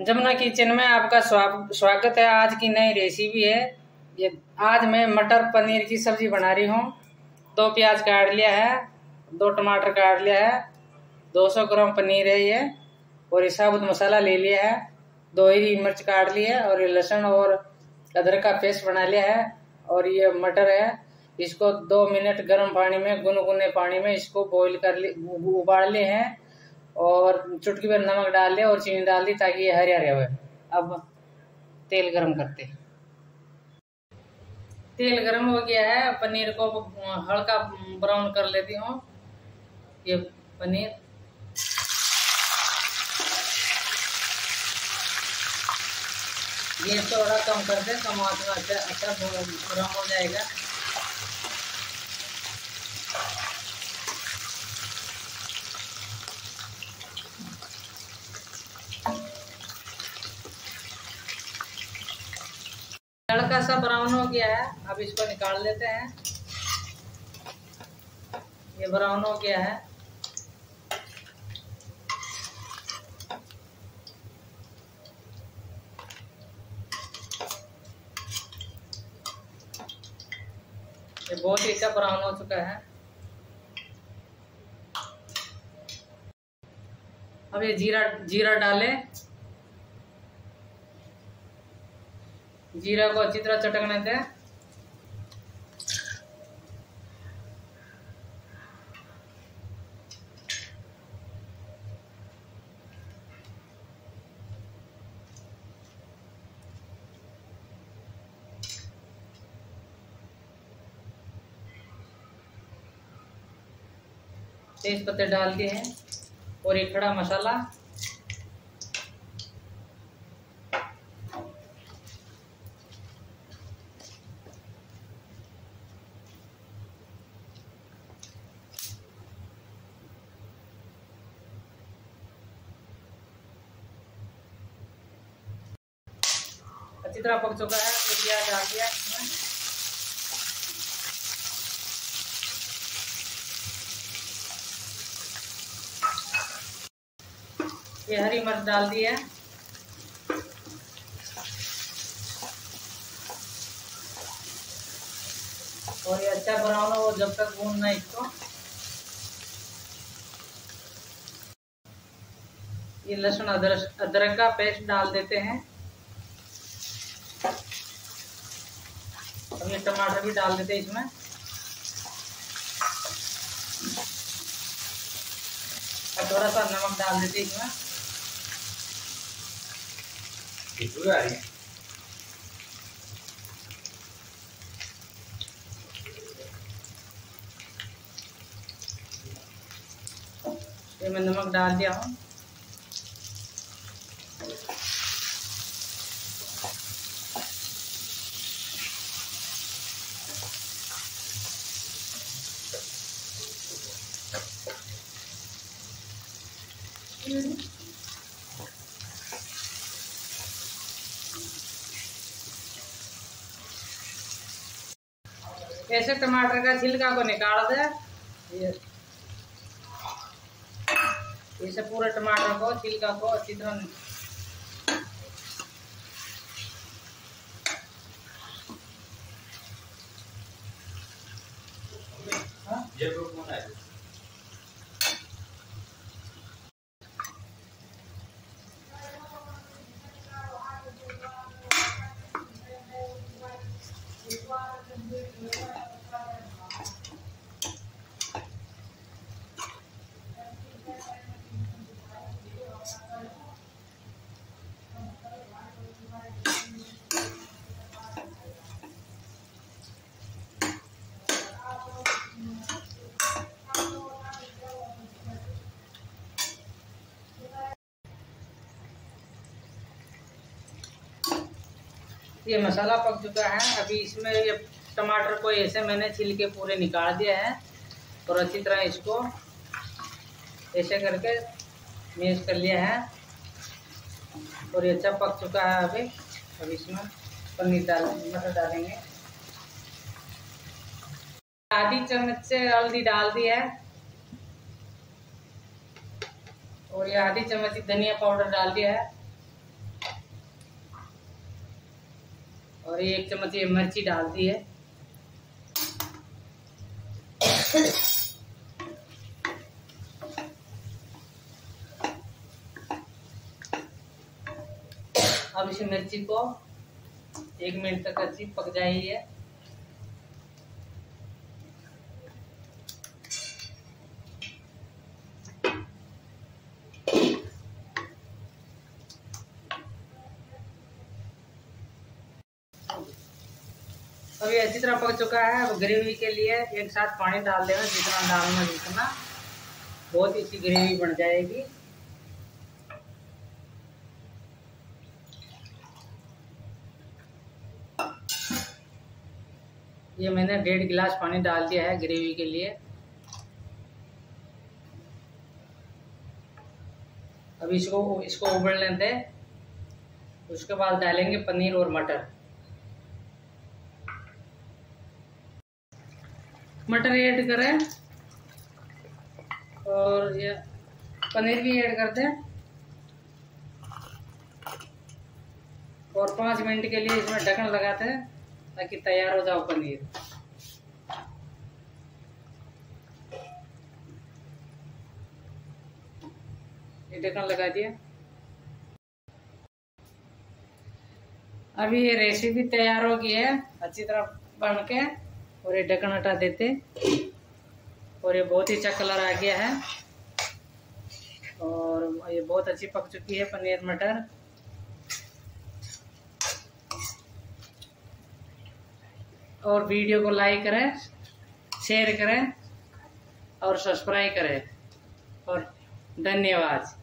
Jamuna kitchen में आपका स्वागत है आज की नई रेसिपी है ये आज मैं मटर पनीर की सब्जी बना रही हूँ दो प्याज काट लिया है दो टमाटर काट लिया है 200 ग्राम पनीर है ये और ये साबुत मसाला ले लिया है दो हरी मिर्च काट ली है और ये लहसुन और अदरक का पेस्ट बना लिया है और ये मटर है इसको दो मिनट गर्म पानी में गुनगुने पानी में इसको बॉईल कर ली उबाल लिए हैं और चुटकी भर नमक डाल दिया और चीनी डाल दी ताकि ये हरे हरे हुए अब तेल गरम करते तेल गरम हो गया है पनीर को हल्का ब्राउन कर लेती हूँ ये पनीर ये थोड़ा कम करते दे कम में अच्छा अच्छा ब्राउन हो जाएगा तड़का सा ब्राउन हो गया है अब इसको निकाल लेते हैं ये ब्राउन हो गया है ये बहुत ही अच्छा ब्राउन हो चुका है अब ये जीरा जीरा डालें जीरा को अच्छी तरह चटकने दें तेज पत्ते डाल दिए हैं और ये खड़ा मसाला अच्छी तरह पक चुका है तो प्याज डाल दिया इसमें ये हरी मिर्च डाल दी है और ये अच्छा बना लो जब तक भूनना इसको ये लहसुन अदरक अदरक का पेस्ट डाल देते हैं ये टमाटर भी डाल देते हैं इसमें और थोड़ा सा नमक डाल देते हैं इसमें मैं नमक डाल दिया हूँ ऐसे टमाटर का छिलका को निकाल दे ऐसे पूरे टमाटर को छिलका को अच्छी तरह ये ग्रुप है ये मसाला पक चुका है अभी इसमें ये टमाटर को ऐसे मैंने छिल के पूरे निकाल दिया है और अच्छी तरह इसको ऐसे करके मिक्स कर लिया है और ये अच्छा पक चुका है अभी अब इसमें पनीर डाल मटर डालेंगे आधी चम्मच से हल्दी डाल दी है और ये आधी चम्मच धनिया पाउडर डाल दिया है और एक चम्मच ये मिर्ची डाल दी है अब इस मिर्ची को एक मिनट तक अच्छी पक जाएगी है अब ये अच्छी तरह पक चुका है अब ग्रेवी के लिए एक साथ पानी डाल देना जितना डालना जितना बहुत अच्छी ग्रेवी बन जाएगी ये मैंने डेढ़ गिलास पानी डाल दिया है ग्रेवी के लिए अब इसको इसको उबलने दें उसके बाद डालेंगे पनीर और मटर मटर ऐड करें और ये पनीर भी ऐड कर दें और पाँच मिनट के लिए इसमें ढक्कन लगाते हैं ताकि तैयार हो जाओ पनीर ये ढक्कन लगा दिया अभी ये रेसिपी तैयार हो गई है अच्छी तरह बन के और ये ढक्कन हटा देते और ये बहुत ही अच्छा कलर आ गया है और ये बहुत अच्छी पक चुकी है पनीर मटर और वीडियो को लाइक करें शेयर करें और सब्सक्राइब करें और धन्यवाद